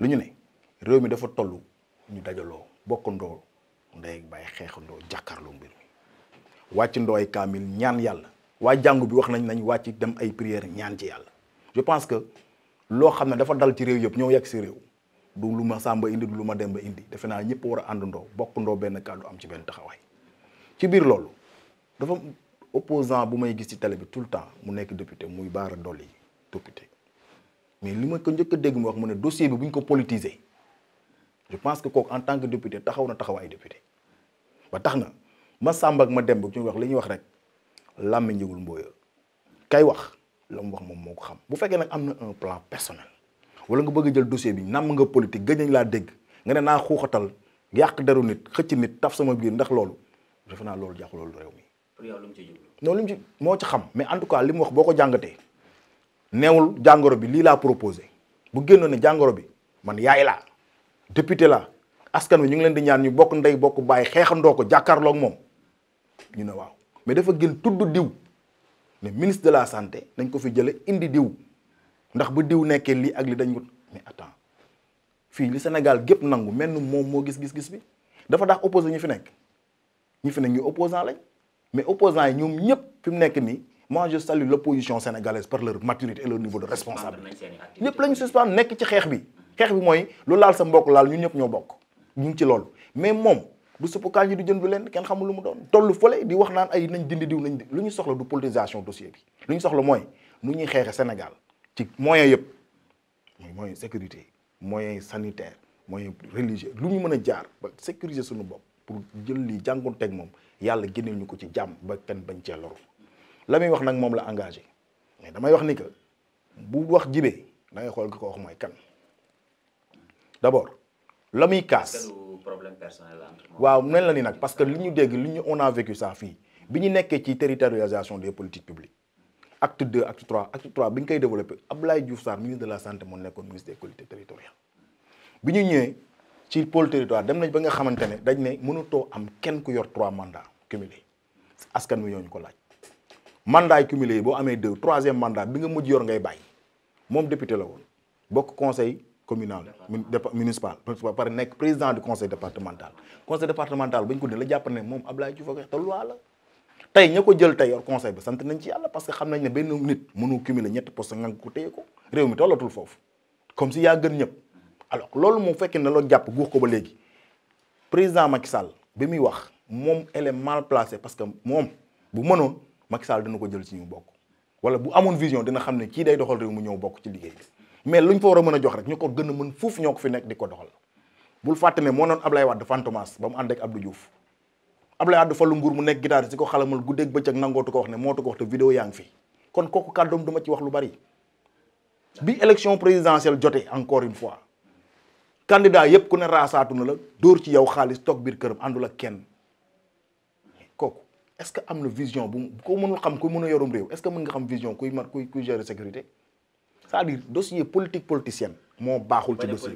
lu ñu ne réew mi dafa tollu ñu dajaloo bokkandoo ndey ak bàyyi xeexandoo jàkkaarloo mbir mi wàccandoo ay kamil ñaan yalla wa jàngu bi wax nañ nañ wacc dem ay prière ñaan ci yalla je pense que lo xam dafa dal ci réew yëpp ñoo yegg ci réew du luma samba indi du luma ma demba indi defena ñepp wara andndo a àndandoo bokkandoo benn am ci ben taxaway ci bir lolu dafa opposant bu may gis ci télé bi tout le temps mu nekk député muy Bara doli député mais li ma ko njëkk a dégg mu wax mu ne dossier bi bu ñu ko politiser je pense que kooku en tant que député taxaw na taxawaayu député ba tax na ma Samba ak ma Demba ci wax li ñuy wax rek làmmi njëgul mbooya kay wax la mu wax moom moo ko xam bu fekkee nag am na un plan personnel wala nga bëgg jël dossier bi nàmm nga politique gëj nañ laa dégg nga ne naa xuuxatal yàq deru nit xëcc nit taf sama biir ndax loolu defe naa loolu jàpp loolu réew mi. pour yow lu moo xam mais en tout li mu wax boo ko jàngatee. neewul jàngoro bi lii laa proposé bu génnoon ne jàngoro bi man yaay laa député laa askan wi ñu ngi leen di ñaan ñu bokk ndey bokk bàyyi xeexandoo ko jàkkaarloog moom ñu ne waaw mais dafa gën tudd diw ne ministre de la santé nañ ko fi jële indi diw ndax bu diw nekkee lii ak li dañ ko mais attends fii li Sénégal gépp nangu mel moom moo gis gis-gis bi dafa daax opposé ñu fi nekk ñu fi nekk ñu opposant lañ mais opposant yi ñoom ñëpp fi mu nekk nii moi je salue l'opposition sénégalaise par leur maturité et leur niveau de responsabilité ñëpp lañu suspendre nekk ci xeex bi xeex bi moy lu laal sa mbokk laal ñun ñep ñoo bokk ñu ci lool mais mom du suppukaan yi du jënd leen kèn xamul lu mu doon tollu fële di wax naan ay nañ dindi diw nañ lu ñu soxla du politisation dossier bi lu ñu soxla moy nu ñuy Sénégal ci moyens yëpp moy moyen sécurité moyen sanitaire moyen religieux lu ñu mën jaar ba sécuriser suñu bop pour jël li jàngoon teg moom yàlla génneel ñu ci jam ba kèn bañ ci loru la muy wax nag moom la engagé mais damay wax ni que bu wax jibee da xool ki ko wax mooy kan d'abord la muy kaas problème personnel waaw mel na ni nag parce que li ñu dégg li ñu on a vécu ça fii bu ñu nekkee ci territorialisation des politiques publiques acte 2 acte 3 acte 3 bi ñu koy développer ab Abdoulaye Diouf Sarr ministre de la santé moo nekkoon ministre des collectivités territoriales bi ñu ñëwee ci pôle territoire dem nañ ba nga xamante ne dañ ne mënutoo am kenn ku yor trois mandats cumulés askan wi ñooñu ko laaj mandat cumulé yi boo amee deux troisième mandat bi nga mujj yor ngay député la woon bokk conseil communal municipal par nekk président du conseil départemental conseil départemental ba ñu ko dee la jàpp ne moom Abdoulaye Diouf ak loi la tey ña jël tay yor conseil bi sant nañ ci yalla parce que xam nañ ne benn nit mënu cumuler ñet poste nga ko téye ko réew mi tolatul foofu comme si yaa gën ñep alors loolu moom fekkee ne lo japp guux ko ba légui président Macky Sall bi muy wax mom elle est mal placée parce que mom bu mënoon Macky Sall dana ko jël si ñu bokk wala bu amoon vision dina xam ne kii day doxal réew mu ñëw bokk ci liggéey mais luñ fa war a mën a jox rek ñu ko gën a mën fuuf ñoo ko fi nekk di ko doxal bul fàtte ne moo noon Ablaye Wade Fantomas ba mu ànd ak Abdou Diouf Ablaye Wade falu nguur mu nekk guitare si ko xalamal guddeeg bëccëg nangootu ko wax ne mootu ko wax te vidéo yaa ngi fi kon kooku kàddoom duma ci wax lu bari bi élection présidentielle jotee encore une fois candidat yëpp ku ne raasaatu la dóor ci yow xaalis toog biir këram àndul ak kenn est-ce que am une vision ko xam est-ce que mën nga xam vision kuy mar kuy sécurité c'est-à-dire dossier politique politicienne mo baxul ci dossier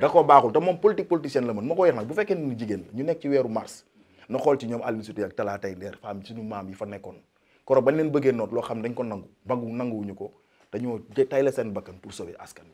D'accord, da ko baxul te mom politique politicienne la mën mako bu ni jigen. ñu ci mars na xol ci ñoom Aline Sitoé talatay Fam femme ñu mam yi fa koro bañ leen xam dañ ko nangu nangu ko la seen pour sauver askan